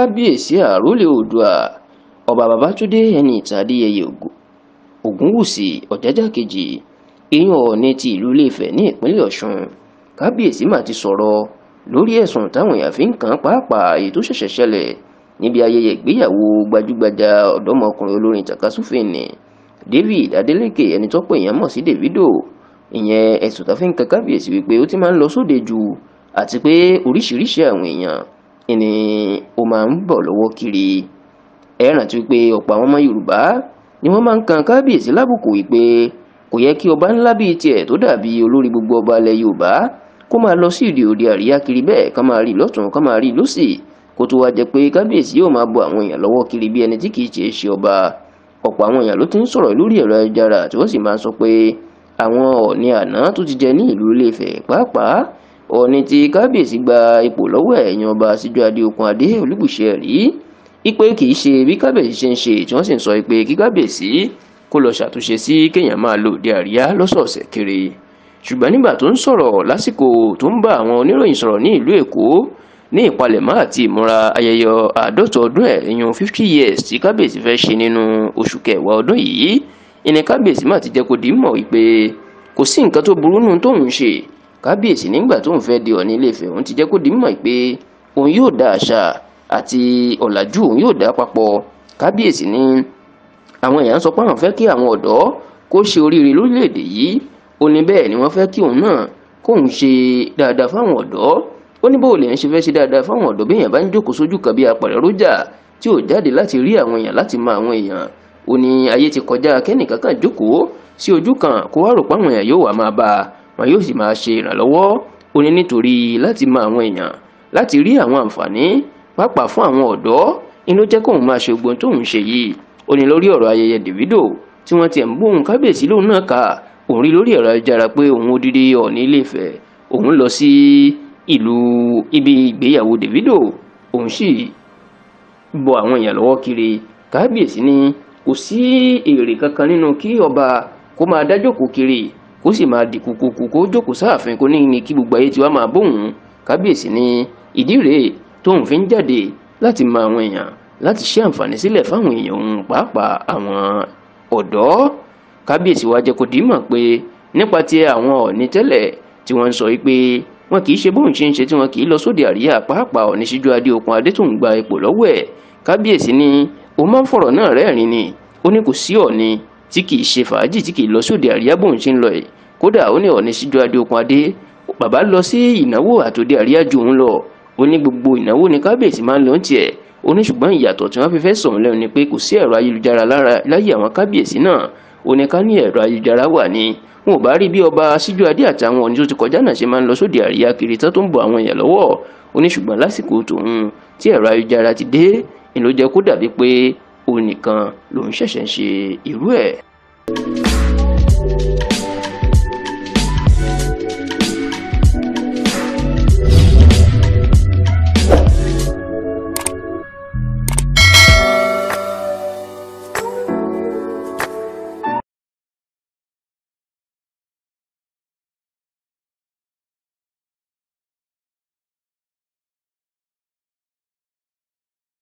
kábíyèsí àrólé oòdùà ọba babátúndé ẹni ìtàdéyẹyẹ ògúnwùsì ọ̀jájá kejì eyín ọ̀ọ́ni ti ìlú iléfẹ̀ ní ìpínlẹ̀ ọ̀ṣun kábíyèsí mà ti sọ̀rọ̀ lórí ẹ̀sùn táwọn èèyàn fi ń kàn pàápàá èyí tó ṣẹ̀ṣẹ̀ ṣẹlẹ̀ níbi ayẹyẹ ìgbéyàwó gbajúgbajà ọ̀dọ́mọkùnrin olórin takasúfin ni david adeleke ẹni tọ́pọ̀ èèyàn mọ̀ sí davido ìyẹn ẹ̀sùn tá fi ń kan kábíyèsí wípé ó ti máa ń lọ sóde ju àti pé oríṣiríṣi àwọn èèyàn ìní ó máa ń bọ̀ lọ́wọ́ kiri ẹ rántí pé ọ̀pọ̀ àwọn ọmọ Yorùbá ni wọ́n máa ń kan kábíyèsí lábùkù wípé kò yẹ kí ọba ńlá bíi tiẹ̀ tó dàbí olórí gbogbo ọba ilẹ̀ Yorùbá kó máa lọ sí ìdí òde àríyá kiri bẹ́ẹ̀ ká máa rí lọ́tún ká máa rí lọ́sì kó tó wá jẹ pé kábíyèsí yóò máa bọ àwọn èèyàn lọ́wọ́ kiri bí ẹni tí kì í ṣe é ṣe ọba ọ̀pọ̀ àwọn èèyàn ló ti ń sọ̀rọ̀ lórí ẹ̀rọ ayélujára tí wọ́n sì máa sọ pé àwọn Ọọ̀ni àná tó ti jẹ ní ìlú Ilé-Ifẹ̀ pàápàá òní ti kábíyèsí gba ipò lọ́wọ́ ẹ̀yìn ọba síjú adéokun adé olúbùṣẹ́ rí ipe kì í ṣe bí kábíyèsí ṣe ń ṣe tí wọ́n sì ń sọ pé kí kábíyèsí kó lọ ṣàtúnṣe sí kéèyàn máa lò dé àríyá lọ́sọ̀ọ̀sẹ̀ kiri ṣùgbọ́n nígbà tó ń sọ̀rọ̀ lásìkò tó ń bá àwọn oníròyìn sọ̀rọ̀ ní ìlú èkó ní ìpalẹ̀mọ́ àti ìmúra ayẹyẹ àádọ́ta ọdún ẹ̀ fifty years tí kábíyèsí fẹ́ ṣe nínú oṣù kẹwàá ọdún yìí ìní kábíyèsí mà ti jẹ́ kó dì í mọ̀ wípé kò sí nǹkan tó burú nù tóun ṣe kábíyèsí nígbà tó ń fẹ́ di Ọọ̀ni Ilé-Ifẹ̀ òun ti jẹ́ kó di mímọ̀ pé òun yóò dá àṣà àti ọ̀làjú òun yóò dá papọ̀ kábíyèsí ni àwọn èèyàn sọ pé àwọn fẹ́ kí àwọn ọ̀dọ́ kó ṣe oríire lórílẹ̀‐èdè yìí ó ní bẹ́ẹ̀ ni wọ́n fẹ́ kí òun náà kóun ṣe dáadáa fáwọn ọ̀dọ́ ó ní bóòlù yẹn ṣe fẹ́ ṣe dáadáa fáwọn ọ̀dọ́ bí èèyàn bá ń jókòó sójú kan bí apẹ̀rẹ̀ rójà tí ò jáde láti rí àwọn èèyàn láti mọ àwọn èèyàn ó ní ayé ti kọjá kẹ́nìkan jókòó sí ojú kan kó wá rò páwọn èèyàn yóò wá máa bá a wọn yóò sì máa ṣe ìrànlọ́wọ́ ó ní nítorí láti mọ àwọn èèyàn láti rí àwọn àǹfààní pàápàá fún àwọn ọ̀dọ́ inú jẹ́ kóun máa ṣe ogun tóun ṣe yìí ó ní lórí ọ̀rọ̀ ayẹyẹ Davido tí wọ́n tiẹ̀ ń bóun kábíyèsí lòun náà kà òun rí lórí ẹ̀rọ ayélujára pé òun odidi Ọọ̀ni Ilé-Ifẹ̀ òun lọ sí ìlú ibi ìgbéyàwó Davido òun sì bọ àwọn èèyàn lọ́wọ́ kiri kábíyèsí ni kò sí èrè kankan nínú kí ọba kó máa dájókòó kiri kó sì máa dìkù kùkù kó jókòó sáàfin kó ní ní kí gbogbo ayé tiwa máa bóun kábíyèsí ní ìdí rèé tóun fi ń jáde láti mọ àwọn èèyàn láti ṣe àǹfààní sílẹ̀ fáwọn èèyàn òun pàápàá àwọn ọ̀dọ́ kábíyèsí wa jẹ́ kó dìímọ̀ pé nípa ti àwọn Ọ̀ọ̀ni tẹ́lẹ̀ tí wọ́n ń sọ wípé wọn kì í ṣe bóun ṣe ń ṣe tí wọn kì í lọ sóde àríyá pàápàá Ọọ̀ni síjú adé okun adé tó ń gba ipò lọ́wọ́ ẹ̀ kábíyèsí ni ó máa ń fọ̀rọ̀ náà rẹ́rìn ni ó ní kò sí Ọọ̀ni tí kì í ṣe fàájì tí kì í lọ sóde àríyá bóun ṣe ń lọ yìí kódà ó ní ọ̀ní síjọ adéokun adé bàbá lọ sí ìnáwó àtòde àríyá ju òun lọ ó ní gbogbo ìnáwó ní kábíyèsí máa ń lọ ń tiẹ̀ ó ní ṣùgbọ́n ìyàtọ̀ tí wọ́n fi fẹ́ sọ̀rọ̀ lẹ́nu ni pé kò sí ẹ̀rọ ayélujára láyé àwọn kábíyèsí náà ó ní ká ní ẹ̀rọ ayélujára wà ní wọn ò bá rí bí ọba síjọ adé àtàwọn ọ̀ní tó ti kọjá náà ṣe máa ń lọ sóde àríyá kiri tán tó ń bọ àwọn èèyàn lọ́wọ́ ó lásìkò tòun tí ẹ̀rọ ayélujára ti dé ni kó dàbí pé 你跟龙虾生是一位。